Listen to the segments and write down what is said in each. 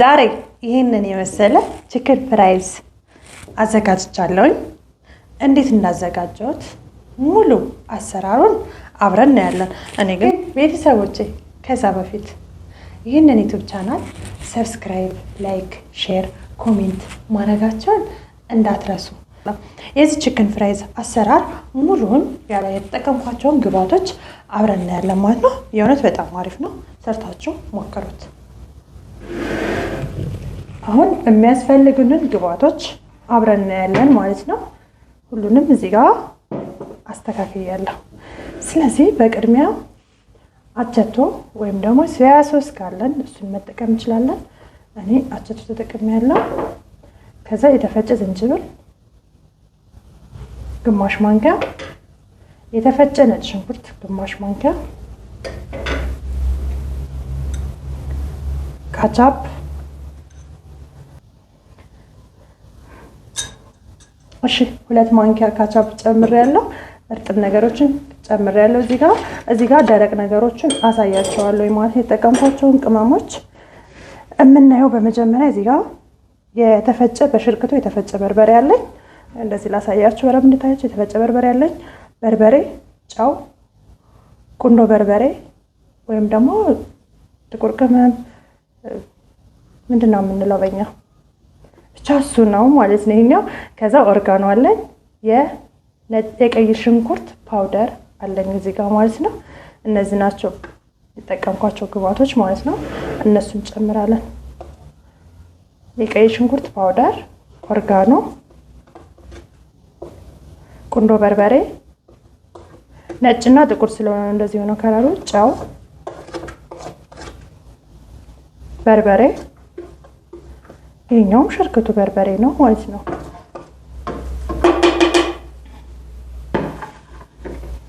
ዛሬ ይህንን የመሰለ ችክን ፍራይዝ አዘጋጅቻለሁኝ። እንዴት እንዳዘጋጀሁት ሙሉ አሰራሩን አብረን እናያለን። እኔ ግን ቤተሰቦቼ ከዛ በፊት ይህንን ዩቱብ ቻናል ሰብስክራይብ፣ ላይክ፣ ሼር፣ ኮሜንት ማድረጋቸውን እንዳትረሱ። የዚህ ችክን ፍራይዝ አሰራር ሙሉን ያለ የተጠቀምኳቸውን ግብአቶች አብረን እናያለን ማለት ነው። የእውነት በጣም አሪፍ ነው። ሰርታችሁ ሞክሩት። አሁን የሚያስፈልጉንን ግብአቶች አብረን እናያለን ማለት ነው። ሁሉንም እዚህ ጋር አስተካክያለሁ። ስለዚህ በቅድሚያ አቸቶ ወይም ደግሞ ሶያ ሶስ ካለን እሱን መጠቀም እንችላለን። እኔ አቸቶ ተጠቅሜ ያለው ከዛ የተፈጨ ዝንጅብል ግማሽ ማንኪያ፣ የተፈጨ ነጭ ሽንኩርት ግማሽ ማንኪያ፣ ካቻፕ እሺ ሁለት ማንኪያ ካቻፕ ጨምሬያለሁ። እርጥብ ነገሮችን ጨምሬያለሁ። እዚህ ጋር እዚህ ጋር ደረቅ ነገሮችን አሳያቸዋለሁ ማለት የተጠቀምኳቸውን ቅመሞች የምናየው በመጀመሪያ እዚህ ጋር የተፈጨ በሽርክቶ የተፈጨ በርበሬ አለኝ። እንደዚህ ላሳያችሁ በረብ እንድታያችሁ። የተፈጨ በርበሬ አለኝ። በርበሬ፣ ጨው፣ ቁንዶ በርበሬ ወይም ደግሞ ጥቁር ቅመም ምንድን ነው የምንለው በኛ ብቻ እሱ ነው ማለት ነው ይሄኛው። ከዛ ኦርጋኖ አለን የቀይ ሽንኩርት ፓውደር አለኝ እዚህ ጋር ማለት ነው። እነዚህ ናቸው የጠቀምኳቸው ግብአቶች ማለት ነው። እነሱን ጨምራለን። የቀይ ሽንኩርት ፓውደር፣ ኦርጋኖ፣ ቁንዶ በርበሬ ነጭና ጥቁር ስለሆነ እንደዚህ ሆነው ከለሩ፣ ጨው፣ በርበሬ ይሄኛውም ሸርክቱ በርበሬ ነው ማለት ነው።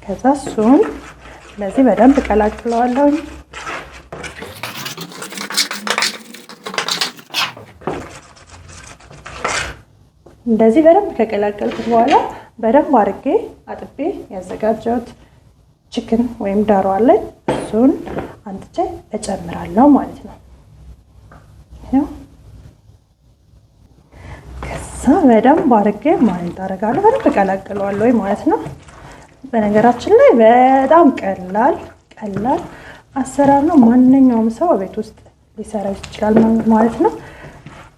ከዛ እሱን ለዚህ በደንብ ቀላቅለዋለሁኝ። እንደዚህ በደንብ ከቀላቀልኩት በኋላ በደንብ አድርጌ አጥቤ ያዘጋጀሁት ችክን ወይም ዳሮ አለኝ እሱን አንጥቼ እጨምራለሁ ማለት ነው። ከዛ በደንብ አድርጌ ማለት አደርጋለሁ በደንብ እቀላቅለዋለሁ ወይ ማለት ነው። በነገራችን ላይ በጣም ቀላል ቀላል አሰራር ነው። ማንኛውም ሰው ቤት ውስጥ ሊሰራ ይችላል ማለት ነው።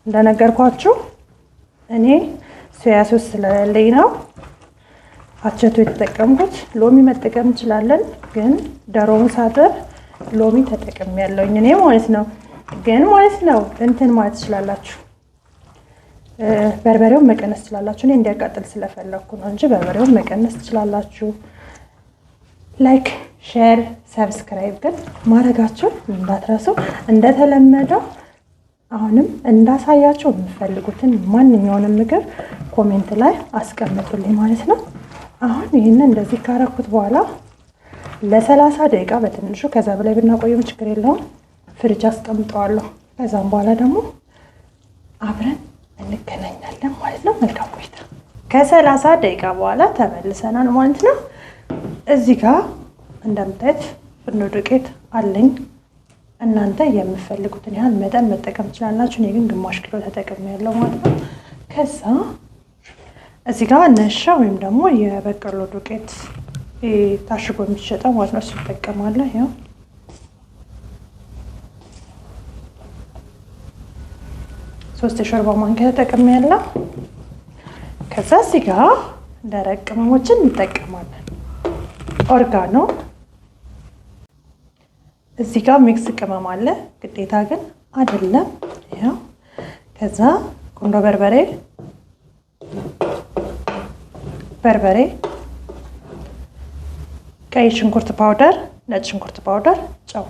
እንደነገርኳችሁ እኔ ሶያ ሶስ ስለሌለኝ ነው አቸቱ የተጠቀምኩት። ሎሚ መጠቀም እንችላለን፣ ግን ዶሮውን ሳጥብ ሎሚ ተጠቅሜያለሁኝ እኔ ማለት ነው። ግን ማለት ነው እንትን ማለት ትችላላችሁ በርበሬውን መቀነስ ትችላላችሁ። እኔ እንዲያቃጥል ስለፈለግኩ ነው እንጂ በርበሬውን መቀነስ ትችላላችሁ። ላይክ፣ ሼር፣ ሰብስክራይብ ግን ማድረጋችሁን እንዳትረሱ። እንደተለመደው አሁንም እንዳሳያችሁ የምፈልጉትን ማንኛውንም ምግብ ኮሜንት ላይ አስቀምጡልኝ ማለት ነው። አሁን ይህንን እንደዚህ ካረኩት በኋላ ለሰላሳ ደቂቃ በትንሹ ከዛ በላይ ብናቆየም ችግር የለውም ፍሪጅ አስቀምጠዋለሁ። ከዛም በኋላ ደግሞ አብረን ከሰላሳ ደቂቃ በኋላ ተመልሰናል ማለት ነው። እዚህ ጋር እንደምታየት ፍርኖ ዱቄት አለኝ። እናንተ የምፈልጉትን ያህል መጠን መጠቀም ትችላላችሁ። እኔ ግን ግማሽ ኪሎ ተጠቅም ያለው ማለት ነው። ከዛ እዚህ ጋር ነሻ ወይም ደግሞ የበቀሎ ዱቄት ታሽጎ የሚሸጠው ማለት ነው። እሱ ይጠቀማለሁ ያው ሶስት የሾርባ ማንኪያ ተጠቅም ያለው ከዛ እዚህ ጋ ደረቅ ቅመሞችን እንጠቀማለን። ኦርጋኖ እዚህ ጋ ሚክስ ቅመም አለ፣ ግዴታ ግን አይደለም። ያው ከዛ ቁንዶ በርበሬ በርበሬ፣ ቀይ ሽንኩርት ፓውደር፣ ነጭ ሽንኩርት ፓውደር፣ ጨው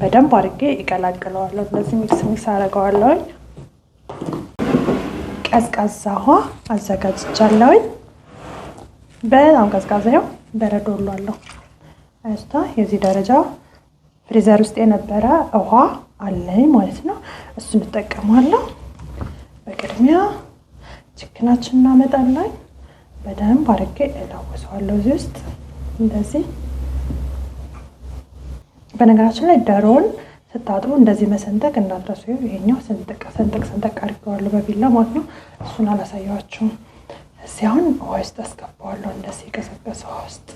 በደንብ አድርጌ ይቀላቅለዋለሁ። እንደዚህ ሚክስ ሚክስ አደርገዋለሁኝ። ቀዝቃዛ ውሃ አዘጋጅቻለሁኝ። በጣም ቀዝቃዛ ያው በረዶ ሏለሁ። እስታ የዚህ ደረጃ ፍሪዘር ውስጥ የነበረ ውሃ አለኝ ማለት ነው። እሱን እጠቀማለሁ። በቅድሚያ ችክናችን እናመጣለን። በደንብ አድርጌ እላወሰዋለሁ እዚህ ውስጥ እንደዚህ በነገራችን ላይ ደሮን ስታጥቡ እንደዚህ መሰንጠቅ እንዳትረሱ። ይሄኛው ስንጥቅ ስንጥቅ ስንጥቅ አድርገዋለሁ በቢላ ማለት ነው። እሱን አላሳያችሁም። እዚህ አሁን ውሃ ውስጥ አስገባዋለሁ፣ እንደዚህ የቀዘቀዘ ውሃ ውስጥ።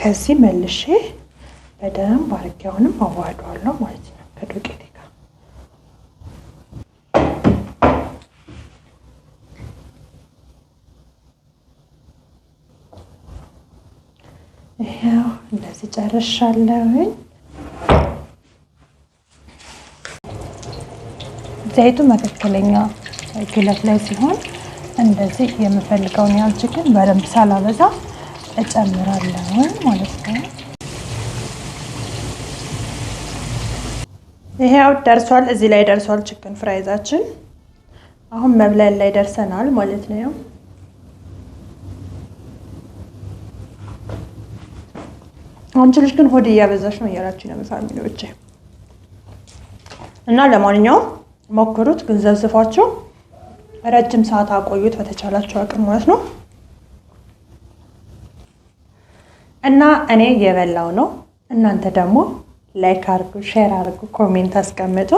ከዚህ መልሼ በደንብ አድርጌ አሁንም አዋህደዋለሁ ማለት ነው ከዱቄት ጋር። ይኸው እንደዚህ ጨርሻለሁኝ። ዘይቱ መካከለኛ ግለት ላይ ሲሆን እንደዚህ የምፈልገውን ያህል ችግን በደንብ ሳላበዛ እጨምራለሁ ማለት ነው። ይሄው ደርሷል። እዚህ ላይ ደርሷል ችግን ፍራይዛችን። አሁን መብላል ላይ ደርሰናል ማለት ነው። አንቺ ልጅ ግን ሆዴ እያበዛሽ ነው እያላችሁ ነው ፋሚሊዎቼ። እና ለማንኛውም ሞክሩት፣ ግን ዘዝፏችሁ ረጅም ሰዓት አቆዩት በተቻላችሁ አቅም ማለት ነው። እና እኔ የበላው ነው። እናንተ ደግሞ ላይክ አርጉ፣ ሼር አርጉ፣ ኮሜንት አስቀምጡ።